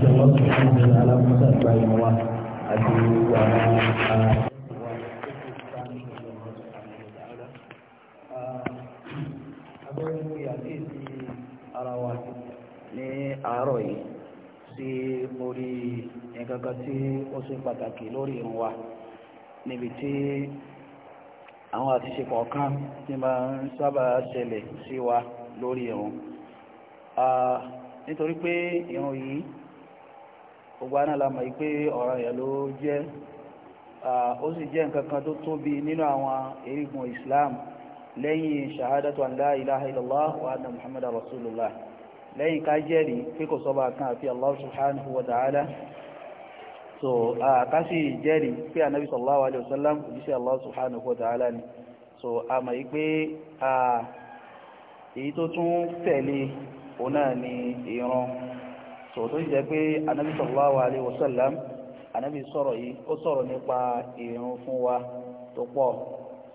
àti ọlọ́run tó ń bẹ alámúsà ìgbà wa àti àwọn abẹ́rẹ́ ìyàkéèsí ara wa ní àárọ̀ yìí sí orí nǹkan kan tí ó ṣe pàtàkì lórí irun wa níbi tí àwọn àtiṣe kọ̀ọ̀kan tí máa ń sábà ṣẹlẹ̀ sí wa lórí irun nítorí pé irun yìí gbogbo àná la mọ̀ pé ọ̀ràn yẹn ló jẹ́ ó sì jẹ́ nǹkan kan tó tóbi nínú àwọn erigun islam lẹ́yìn shahadatu an la ilaha illallah wa anna muhammad rasulullah lẹ́yìn ká jẹ́rìí pé kò sọ́ba kan àfi allah subhanahu wa ta'ala so ká sì jẹ́rìí pé anabi sallallahu alayhi wa sallam kò jíṣẹ́ allah subhanahu wa ta'ala ni so a mọ̀ pé èyí tó tún tẹ̀lé òun náà ni ìran sọ̀tọ́ jẹ́ pé anabi sallallahu alaihi wasallam anabi sọ̀rọ̀ yìí ó sọ̀rọ̀ nípa ìrun fún wa tó pọ̀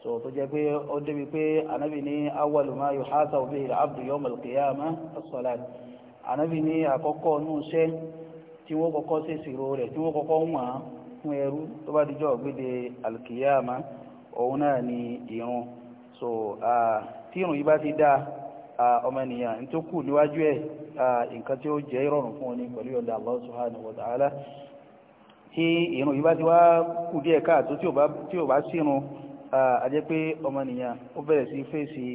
sọ̀tọ́ jẹ́ pé ó débi pé anabi ní awwalu ma yuhasabu bihi al-abdu yawm al-qiyamah as-salat anabi ní àkọ́kọ́ nù sẹ́ tí wọ́n kọ́kọ́ ṣe ìṣirò rẹ̀ tí wọ́n kọ́kọ́ wọ̀n fún ẹrú tó bá dijọ́ gbéde al òun náà ni ìrun so tí ìrun yìí bá ti dá ọmọ ènìyàn tó kù níwájú ẹ̀ nǹkan tí ó jẹ́ ìrọ̀rùn fún ọni pẹ̀lú ọ̀dà Allah subhanahu wa ta'ala tí ìrun yìí bá ti wá kú díẹ̀ káàtó tí ò bá sírun a jẹ́ pé ọmọnìyàn ó bẹ̀rẹ̀ sí fèsì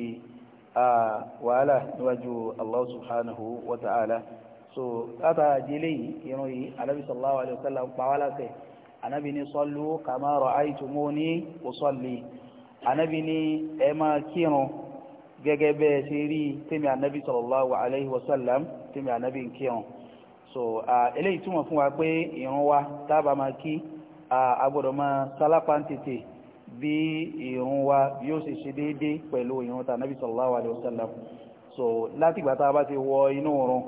wàhálà níwájú Allah subhanahu wa ta'ala so látara délé yìí ìrun yìí alábi sallallahu gẹ́gẹ́ bẹ́ẹ̀ ṣe rí tèmi ànábì sallallahu alaihi wasallam tèmi ànábì ń kírun so eléyìí túmọ̀ fún wa pé ìrun wa tábà máa kí a gbọ́dọ̀ máa sálápá ń tètè bí ìrun wa bí ṣe ṣe déédéé pẹ̀lú ìrun tà ànábì sallallahu alaihi wasallam so látìgbà tá a bá ti wọ inú ìrun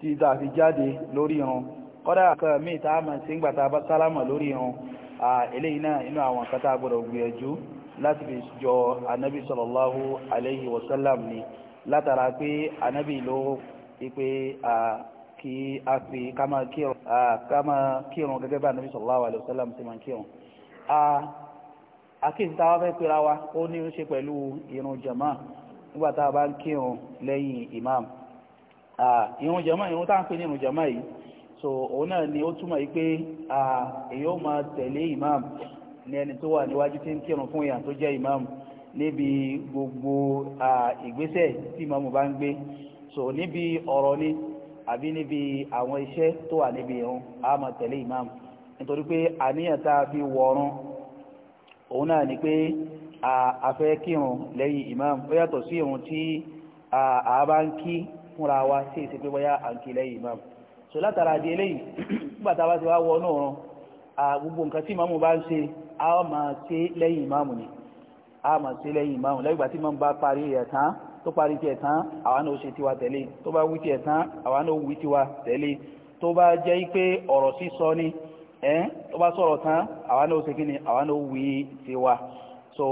tí tá a fi jáde lórí ìrun kọ́dà kan míì tá a máa ṣe ń gbà tá a bá sálámà lórí ìrun eléyìí náà inú àwọn kan tá a gbọ́dọ̀ gbìyànjú láti fi jọ anabi sallallahu alayhi wa sallam ni látara pé anabi ló ipe kí a fi kama kírun gẹ́gẹ́ bá anabi sallallahu alayhi wa sallam ti máa kírun àkíyèsí táwa fẹ́ pera wa ó ní í ṣe pẹ̀lú irun jama nígbà tá a bá ń kírun lẹ́yìn imam irun jama irun tá à ní irun jama yìí so òun náà ni ó túmọ̀ yìí pé èyí ó máa tẹ̀lé imam Ni ẹni tó wà níwájú tí ń kírun fún yàn tó jẹ́ ìmáàmù níbi gbogbo ìgbésẹ̀ tí ìmáàmù bá ń gbé so níbi ọ̀rọ̀ ni àbí níbi àwọn iṣẹ́ tó wà níbi ìrun a máa tẹ̀lé ìmáàmù nítorí pé àníyàn tá a fi wọ̀ọ̀run òun náà ni pé a fẹ́ kírun lẹ́yìn ìmáàmù ó yàtọ̀ sí ìrun tí a bá ń kí fúnra wa sí ìsìnkú bóyá à ń kí lẹ́yìn ìmáàmù so látara di eléyìí nígbà tá a bá ti wá wọnú a máa ṣe lẹ́yìn ìmáàmù ni a máa ṣe lẹ́yìn ìmáàmù lẹ́yìn ìgbà tí máa ń bá parí ẹ̀ tán tó parí tiẹ̀ tán àwa náà ó ṣe tiwa tẹ̀lé tó bá wí tiẹ̀ tán àwa náà ó wí tiwa tẹ̀lé tó bá jẹ́ pé ọ̀rọ̀ sísọ ni ẹ̀ tó bá sọ̀rọ̀ tán àwa náà ó ṣe kí àwa náà ó wí tiwa so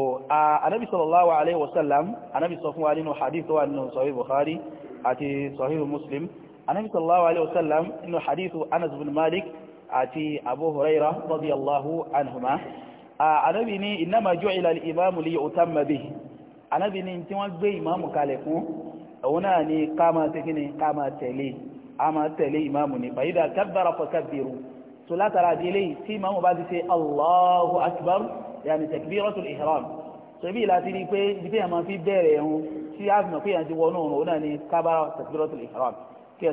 anabi sallallahu alayhi wa sallam anabi sọ fún wa nínú hadith tó wà nínú sahih bukhari àti sahih muslim anabi sallallahu alayhi wa sallam nínú hadith anas bin malik àti abu huraira radiyallahu anhuma ànábì ní innama ju'ila al-imamu liyutamma bihi ànábì ní tí wọ́n gbé ìmáàmù kalẹ̀ fún òun náà ni ká máa ṣe kí ni ká máa tẹ̀lé a máa tẹ̀lé ìmáàmù ní fa idha kabbara fakabbiru tó látara délé tí ìmáàmù bá ti ṣe Allahu akbar yàní takbiratul tó ibi ìlà ti rí pé ibi tí fi bẹ̀rẹ̀ ẹ̀hún tí a mọ̀ pé yàn ti wọnú òun náà ni kábàrà takbiratul ihram kí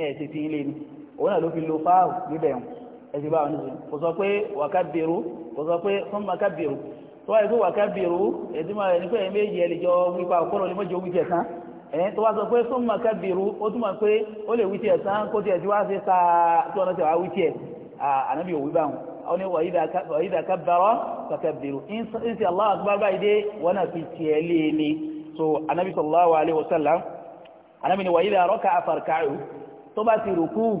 ẹ òun náà ló fi lo fáàrù níbẹ̀ ẹ̀sìn báwọn níṣẹ́ kò sọ pé wàkàbìrú kò sọ pé sọ́màkàbìrú tó wáyé pé wàkàbìrú ẹ̀dínmọ̀ ẹni pé méjì ẹ̀ lè jọ wípa ọ̀pọ̀lọ́ ni mọ́jọ wíjẹ̀ tán ẹ̀yìn tó wá sọ pé sọ́màkàbìrú ó túmọ̀ pé ó lè wíjẹ̀ tán kó tiẹ̀ tí wá sí ta tí wọ́n tẹ̀ wá wíjẹ̀ ànábì òwú báwọn náà fi tiẹ̀ lé e ní so ànábì sallallahu alaihi wasallam ànábì ni wàyídà rọ́kà àfàrkà tó bá ti rùkú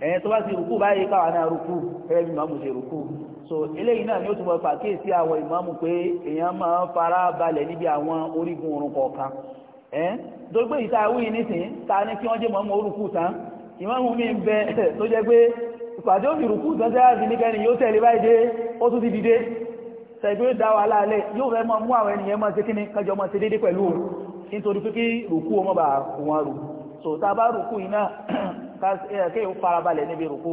ẹ̀yẹn tó bá ti rùkú báyìí káwa náà rùkú ẹ̀rẹ́ bí màmú ṣe rùkú so eléyìí náà ni ó túnbọ̀ pàkíyèsí àwọn ìmáàmù pé èèyàn máa ń fara balẹ̀ níbi àwọn orígun orun kọ̀ọ̀kan ẹ̀ dógbé ìta wíì nísìn ta ní kí wọ́n jẹ́ mọ́mú orúkú tán ìmáàmù mi ń bẹ tó jẹ́ pé ìpàdé òfin rùkú tán sẹ́yà sí ní kẹrin yóò tẹ̀lé báyìí dé ó tún ti dìde tẹ̀gbé dá wa lálẹ́ yóò fẹ́ mọ́ mú àwọn ènìyàn so tá a bá kéèyàn farabalẹ̀ níbi rúkú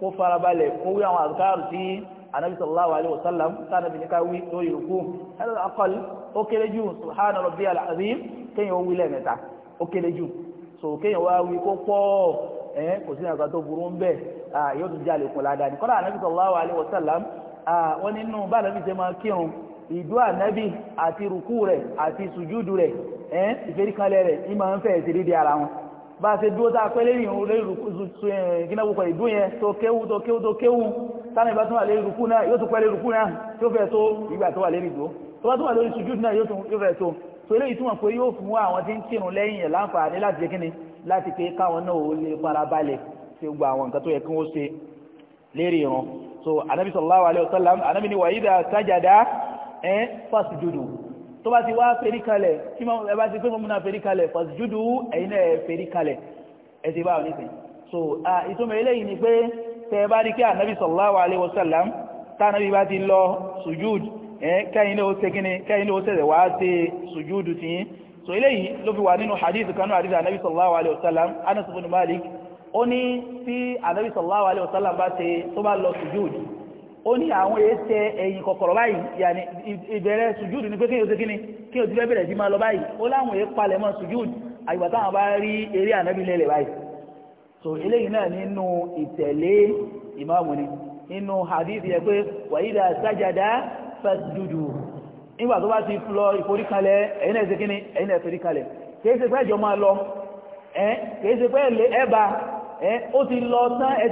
kó farabalẹ̀ kó wí àwọn àdúkárù tí anabi sallallahu alayhi wa sallam tánàbí ní ká wí lórí rúkú ẹ̀rọ akọl ó kéré jù subhana rabbiyal azim kéèyàn ó wí lẹ́ẹ̀mẹ́ta ó kéré jù so kéèyàn wá wí kó pọ̀ ẹ̀ kò sí àgbà tó burú ń bẹ̀ yóò tún jáde kún ládàá ní kọ́lá anabi sallallahu alayhi wa sallam wọ́n nínú bá anabi ṣe máa kírun ìdú ànábì àti rúkú rẹ̀ àti sùjúdù rẹ̀ ìfẹ́ríkanlẹ̀ rẹ̀ ìmọ̀ ń fẹ́ẹ̀ ti rí di ara wọn bá ṣe dúó tá a pẹ́ lérí ìrìnkúnnàwókọ̀ ìdú yẹn tó kéwú tó kéwú tó kéwú tánà ìbá tó wà lérí rùkú náà yóò tún pẹ́ lérí rùkú náà yóò fẹ́ tó ìgbà tó wà lérí ìdó tó bá tó wà lórí sùjúdù náà yóò fẹ́ tó tó eléyìí túmọ̀ pé yóò fún àwọn tí ń kírun lẹ́yìn ẹ̀ láǹfààní láti jẹ́ kíni láti pé káwọn náà ó lè fara balẹ̀ ṣe gba àwọn nǹkan tó yẹ kí wọ́n ṣe lérí ìrun so anabi sallallahu alayhi wa sallam anabi ni wàyí dà sájàdá ẹ fásitì jùdù tó bá ti wá fèrí kalẹ̀ kí mọ́ ẹbá ti pé mọ́múnà fèrí kalẹ̀ fọ̀síjúdú ẹ̀yìn náà fèrí kalẹ̀ ẹ̀sì bá òní sìn so ìtumọ̀ eléyìí ni pé tẹ bá rí kí ànábì sallallahu alaihi wasallam tánábì bá ti lọ sùjúd kẹ́yìn ló ṣe kíni kẹ́yìn ló ṣẹ̀ṣẹ̀ wá ṣe sùjúd tì í so eléyìí ló fi wà nínú hadith kanú hadith ànábì sallallahu alaihi wasallam Anas ibn Malik ó ní tí ànábì sallallahu alaihi wasallam bá ṣe ó ní àwọn èéṣe ẹ̀yìn kọ̀kọ̀rọ̀ báyìí yàní ìbẹ̀rẹ̀ sùjúdù ní pé kíyàn ó ṣe kíni kí o ti bẹ́ẹ̀ bẹ̀rẹ̀ sí máa lọ báyìí ó láwọn èé palẹ̀ mọ́ sùjúdù àyùbá táwọn bá rí eré ànábì lẹ́lẹ̀ báyìí so eléyìí náà nínú ìtẹ̀lé ìmáàmù ni nínú hadith yẹ pé wàyídà sájàdá fàdúdù nígbà tó bá ti lọ ìforíkalẹ̀ ẹ̀yin náà ṣe ni ẹ̀yin náà ìforíkalẹ̀ kì í ṣe pé ẹjọ́ máa lọ kì í ṣe pé ẹ bá ó ti lọ tán ẹ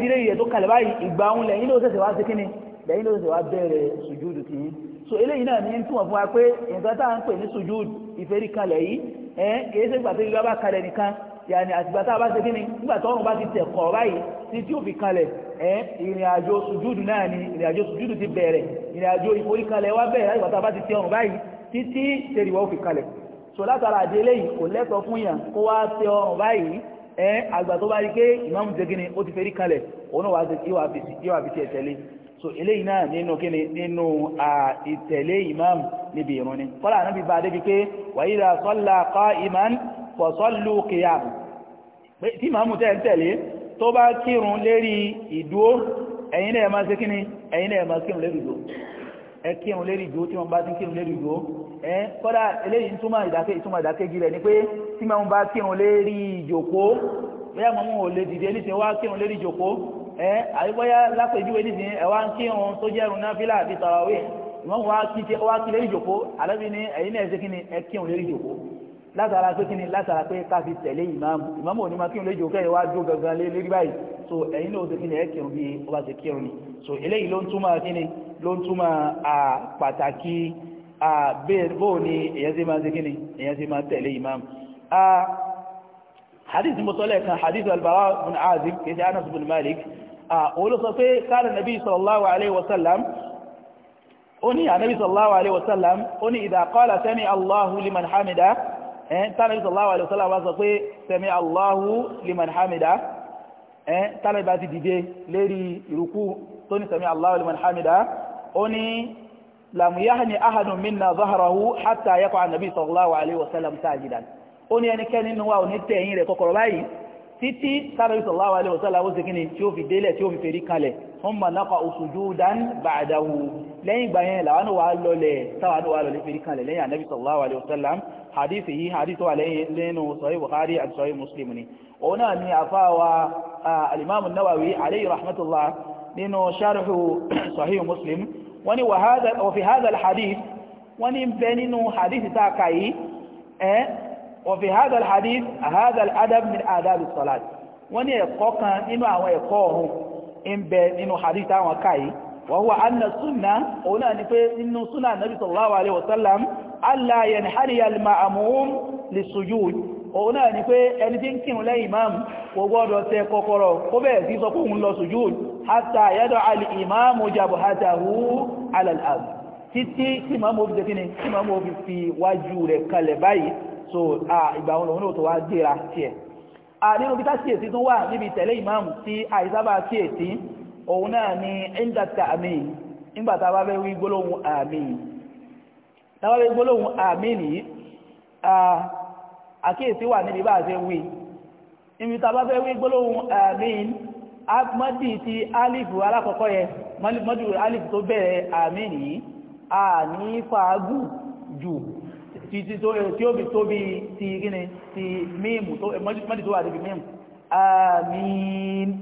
ìgbà òun lẹ́yìn ló ṣẹ̀ṣẹ̀ wá sí kíni lẹ́yìn ló ṣe wá bẹ̀rẹ̀ sùjúdù tì í so eléyìí náà ní ń túmọ̀ fún wa pé nǹkan tá à ń pè ní sùjúdù ìfẹ́rí kalẹ̀ yìí ẹ̀ kì ṣe gbàtí ìlú bá nìkan yàní àtìgbà tá a bá ṣe kí ni nígbà tó ọrùn bá ti tẹ̀ kọ̀ báyìí tí tí ó fi kalẹ̀ ẹ̀ ìrìn àjò sùjúdù náà ni ìrìn àjò sùjúdù ti bẹ̀rẹ̀ ìrìn àjò ìforí kalẹ̀ wá bẹ̀rẹ̀ àtìgbà tá a bá ti tẹ̀ ọrùn báyìí títí tẹ̀rìwá so látara àdé eléyìí kò lẹ́tọ̀ọ́ fún yàn kó wá tẹ̀ ọrùn báyìí ẹ̀ àgbà tó bá rí pé ìmáàmù ṣe kí ni ó ti fẹ́rí kalẹ̀ so eléyìí náà nínú kíni nínú ìtẹ̀lé imam níbi ìrun ni kọ́lá náà bí bá débi pé wàyí ra sọ́lá qa'iman fa sallu qiyam tí màmú tẹ́ ń tẹ̀lé tó bá kírun lérí ìdúó ẹ̀yin náà máa ṣe kíni ẹ̀yin náà máa kírun lérí ìdúó ẹ kírun lérí ìdúó tí wọ́n bá ti kírun lérí ìdúó ẹ kọ́lá eléyìí ìtumọ̀ ìdákẹ́ ìtumọ̀ ìdákẹ́jì rẹ̀ ni pé tí màmú bá kírun lérí ìjòkó bóyá màmú ò lè dìde níṣẹ́ wá kírun lérí ìjòkó ẹ àyíbọ́yá lápèjúwe nísìnyí ẹ wá ń kírun tó jẹ́ ìrun náfílà àti tàràwé ìmọ̀ wá kí tí wá kí lérí jòkó àlẹ́bí ni ẹ̀yin náà ṣe kí ni ẹ kírun lérí jòkó látara pé kí ni látara pé ká fi tẹ̀lé ìmáàmù ìmáàmù ò máa kírun lérí jòkó ẹ̀yin wá dúró gangan lérí báyìí so ẹ̀yin náà ṣe kí ni ẹ kírun bí ó bá ṣe kírun ni so eléyìí ló ń túmọ̀ kí ni ló ń túmọ̀ pàtàkì bóò ni èyàn ṣe máa ṣe kí ni èyàn ṣe máa tẹ̀lé ìmáàmù hadith mutọ́lẹ̀ kan hadith al bin Azib kì ṣe Anas bin Malik òun ló sọ pé káàdì nàbí sallallahu alaihi wasallam ó ní ànábì sallallahu alaihi wasallam ó ní idha qala sami Allahu liman hamida ẹ̀ tánàbí sallallahu alaihi wasallam wá sọ pé sami Allahu liman hamida ẹ̀ tánàbí bá ti dìde lérí ìrùkú tó ní sami Allahu liman hamida ó ní lam yahni ahadun minna zahrahu hatta yaqa an-nabi sallallahu alaihi wasallam nínú wa ní tẹ̀yìn rẹ̀ kọ́kọ́rọ́ báyìí títí sáré sallallahu alaihi wasallam ó sì kí ni tí ó fi délẹ̀ tí ó fi fèrí kalẹ̀ thumma naqa'u sujudan ba'dahu lẹ́yìn ìgbà yẹn làwọn wà lọlẹ̀ táwọn wà lọlẹ̀ fèrí kalẹ̀ lẹ́yìn ànábì sallallahu alaihi nínú sharhu sahih muslim wọ́n ni fi hadha hadith wọ́n bẹ nínú hadith tá a kà وفي هذا الحديث هذا الأدب من آداب الصلاة وني ní ẹ̀kọ́ kan nínú àwọn ẹ̀kọ́ ọ̀hún ń bẹ nínú hadith àwọn káyí wa huwa anna súnà òun náà ni pé nínú súnà nàbí sallallahu alaihi wasallam alla yanhariya al-ma'mum lis-sujud òun náà ni pé ẹni tí ń kírun lẹ́yìn imam kò gbọ́dọ̀ tẹ kọ́kọ́rọ́ kó bẹ̀rẹ̀ sí sọ pé òun lọ sujud hatta yad'a al-imamu jabhatahu ala al-ard títí tí màmú òbí tí màmú òbí fi wájú rẹ̀ kalẹ̀ báyìí so ìgbà wọn lòun náà tó wá gbéra tiẹ̀ nínú bí káṣíyèsí tó wà níbi tẹ̀lé ìmáàmù tí àìsábà kíyèsí òun náà ni indata àmì nígbà tá a bá fẹ́ wí gbólóhùn àmì tá a bá fẹ́ gbólóhùn àmì nìyí àkíyèsí wà níbi bá ṣe wí níbi tá fẹ́ wí gbólóhùn àmì mọ́dì ti alifu alákọ̀ọ́kọ́ yẹ mọ́dì alifu tó bẹ̀rẹ̀ àmì nìyí a ní fàágùn jù títí tó tí ó fi tó bí ti gíní ti mímù tó mọ́jì tó wà níbi mímù àmín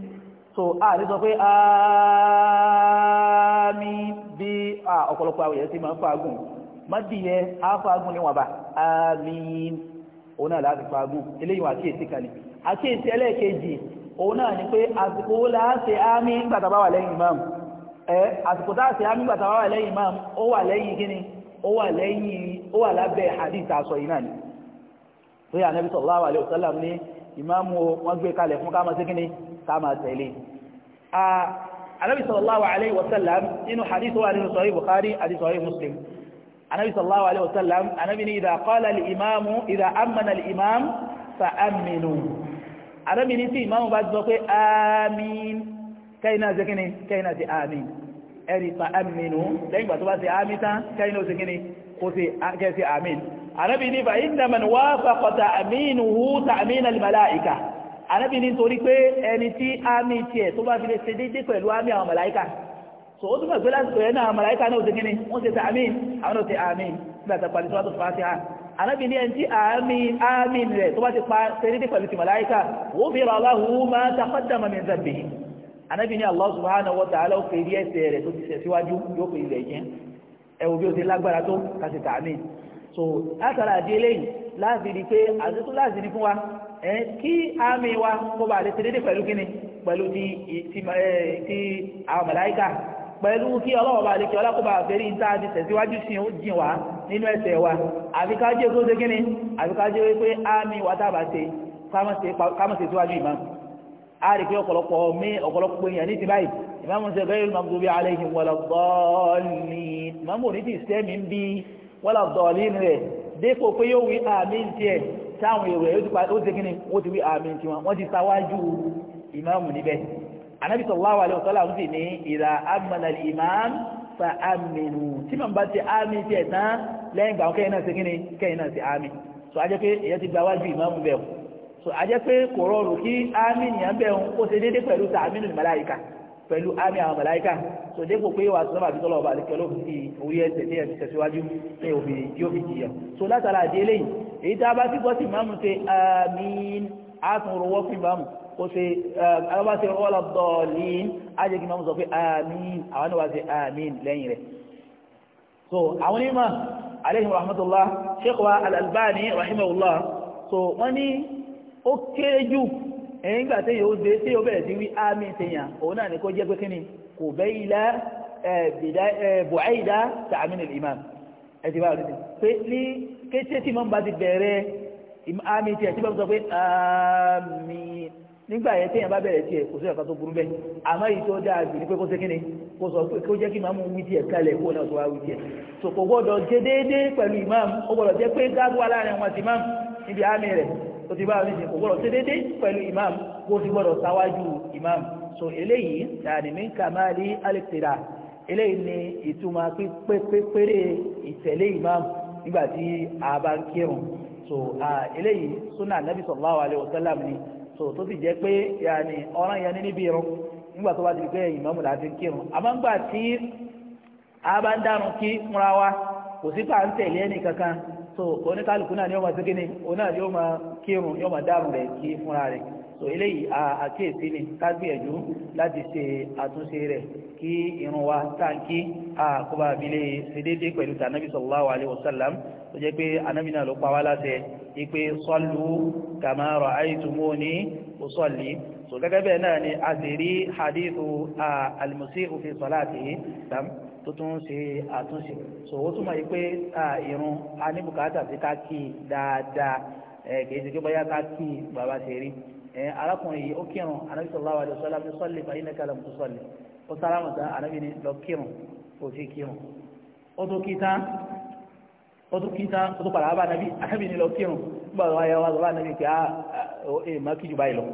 so a lè sọ pé àmín bí ọ̀pọ̀lọpọ̀ àwòyẹ sí máa ń fagùn mọ́dìyẹ á fagùn níwọ̀n bá àmín òun náà láti fagùn eléyìí àkíyèsí kan ní àkíyèsí ẹlẹ́ẹ̀kejì òun náà ni pé àsìkò ó láti àmín gbàtàbáwà lẹ́yìn imam ẹ àsìkò táà sí àmín gbàtàbáwà lẹ́yìn imam ó wà lẹ́yìn gíní ó wà lẹ́yìn ó wà lábẹ́ hadith aṣọ yìí náà ni tó yà Ànábì sallallahu alaihi wasallam ní ìmáàmù wọn gbé kalẹ̀ fún káàmà sí kíni káàmà tẹ̀lé Ànábì sallallahu alaihi wasallam nínú hadith wà nínú sahih Bukhari àti sahih Muslim Ànábì sallallahu alaihi wasallam Ànábì ní idha qala al-imamu idha amana al-imam fa aminu Ànábì ní tí ìmáàmù bá ti sọ pé àmín kẹ́yìn náà sí kíni kẹ́yìn náà sí àmín ẹni fa aminu lẹ́yìn gbà tó bá ṣe àmì tán kẹ́yìn ló ṣe kíni kó ṣe kẹ́sí àmìn anábì ní fa inna man wafaqa ta'minuhu ta'min al-malaika anábì ní torí pé ẹni tí àmì tiẹ̀ tó bá fi lè ṣe déédé pẹ̀lú àmì àwọn màláìkà so ó túnbọ̀ pé lásìkò yẹn náà màláìkà náà anábì ní Allah subhanahu wa ta'ala ó fèrè ẹsẹ̀ rẹ̀ tó ti sẹ̀ síwájú yóò fèrè rẹ̀ jẹ́ ẹ wo o ti lágbára tó kàṣẹ tààmì so látara àdé eléyìí láti rí i pé àtúntò láti ní fún wa ẹ kí àmì wa kó ba lè ṣe déédéé pẹ̀lú kíni pẹ̀lú ti ti ti àwọn màláíkà pẹ̀lú kí ọlọ́wọ́ bá lè kí ọlá kó ba fèrè ní táàdì sẹ̀ síwájú sí ó jìn wá nínú ẹsẹ̀ wa àfi ká jẹ́ kó ṣe kíni àfi ká jẹ́ pé àmì wa tá a bá ṣe ká má ṣe síwájú ìmáàmù a rí pé ọ̀pọ̀lọpọ̀ mi ọ̀pọ̀lọpọ̀ èèyàn ní ti báyìí ìmáàmù ṣe bẹ́ẹ̀ ìmáàmù tó bí aláìhìn wọlọ dọ́ọ̀lì ìmáàmù ní ti sẹ́mi ń bí wọlọ dọ́ọ̀lì rẹ̀ dépò pé yóò wí àmì tiẹ̀ táwọn èrò ẹ̀ ó ti kíni ó ti wí àmì tiwọn wọ́n ti sáwájú ìmáàmù níbẹ̀ anabi sallallahu alayhi wa sallam sì ní ìlà amala ìmáàmù so àjẹ́ pé kò rọrùn kí ámì nìyàn bẹ̀ ń kó ṣe déédéé pẹ̀lú tààmínú màláíkà pẹ̀lú ámì àwọn màláíkà so dépò pé wàá sọ́nà àbí tọ́lọ̀ ọba àlekẹ́ ló fi orí ẹsẹ̀ ní ẹ̀sìn tẹ̀síwájú ní òbí yóò fi jìyà so látara àdé eléyìí èyí tá a bá ti gbọ́ sí ìmáàmù ṣe àmín àtúnrò wọ́pìn báàmù kó ṣe alábàṣe ọlọ́dọ̀ọ̀lì ajẹ́kí máa ń sọ pé àmín àwọn náà wá ṣe àmín lẹ́yìn rẹ̀ so àwọn onímọ̀ alayhi rahmatullah sheikh wa al-Albani so wọ́n ní ó kéré jù ẹ̀yìn gbà téèyàn ó dé téèyàn ó bẹ̀rẹ̀ sí wí ámì téèyàn òun náà ní kó jẹ́ pé kíni kò bẹ́ ilá bùháìdá tààmì nìlì imam ẹ ti bá a lóde pé ní kété tí mọ́n bá ti bẹ̀rẹ̀ ámì tiẹ̀ tí wọ́n sọ pé ámì nígbà yẹn téèyàn bá bẹ̀rẹ̀ tiẹ̀ kò sí ọ̀kan tó burú bẹ́ẹ̀ àmọ́ èyí tó dáa jù ní pé kó sé kíni kó sọ pé kó jẹ́ kí màmú wí tiẹ̀ kálẹ̀ kó náà tó wá wí tiẹ̀ so kò gbọ́dọ̀ jẹ́ déédéé pẹ̀lú imam ó gbọ́dọ̀ jẹ́ pé dáàbò aláàrin wọn ti imam níbi ámì rẹ̀ ó ti bá oníṣe kò gbọ́dọ̀ ṣe déédéé pẹ̀lú imam kó ti gbọ́dọ̀ sáwájú imam so eléyìí yàní min kamali alẹ́tẹ̀dà eléyìí ni ìtumọ̀ pípépépéré ìtẹ̀lé imam nígbà tí a bá ń kírun so eléyìí sunna nabi sallallahu alayhi wa sallam ni so tó ti jẹ́ pé yàní ọ̀ràn yẹn níbi irun nígbà tó bá ti pé imam láti kírun àmọ́ nígbà tí a bá ń dánu kí múra wa kò sí pà ń tẹ̀lé ẹnì kankan so oníkálukú náà ni ó máa ṣégé ni òun náà yóò máa kírun yóò máa dáàrùn rẹ̀ kí fúnra rẹ̀ so eléyìí àkíyèsí ni ká gbìyànjú láti ṣe àtúnṣe rẹ̀ kí irun wa táǹkì àkóbá abilé ṣe déédéé pẹ̀lú tànàbí sallallahu alaihi sallam tó jẹ́ pé anábì náà ló pa wá láṣẹ ipe sallu kama ra'aytumuni usalli so gẹ́gẹ́ bẹ́ẹ̀ náà ni a sì rí hadithu al-musi'u fi salatihi tó tún ń ṣe àtúnṣe so ó túmọ̀ yìí pé irun a ní bùkátà sí ká kí i dáadáa kì í ṣe pé bóyá ká kí i bàbá ṣe rí arákùnrin yìí ó kírun anabi sallallahu alayhi wa sallam ní sọ́ọ̀lì báyìí ní kálá mùtú sọ́ọ̀lì ó sálámù tán anabi ní lọ kírun kò sí kírun ó tún kí ó tún kí ó tún padà wá bá anabi anabi ní lọ kírun nígbà tó wáyé wá tó bá anabi pé ah, ah ẹ má kí báyìí lọ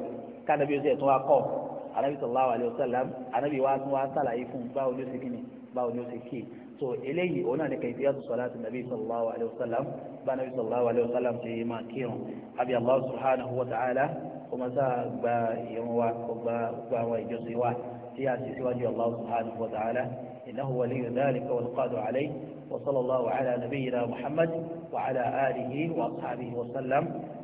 ká anabi ó sì ẹ̀ tún kọ́ ọ alayhi sallallahu alayhi wa sallam anabi wa tún wa sàlàyé fún ba ó ṣe kini ba ó ṣe kí so eleyi ona ne kai kayfiyatu salatu nabi sallallahu alayhi wa sallam bá nabi sallallahu alayhi wa sallam ti ma kírun àbí allah subhanahu wa ta'ala kó máa sá gba irun wa kó ba ba wa jose wa tí a wa ji allah subhanahu wa ta'ala innahu waliyyu dhalika wal qadiru alayhi wa sallallahu ala nabiyyina muhammad wa ala alihi wa ashabihi wa sallam.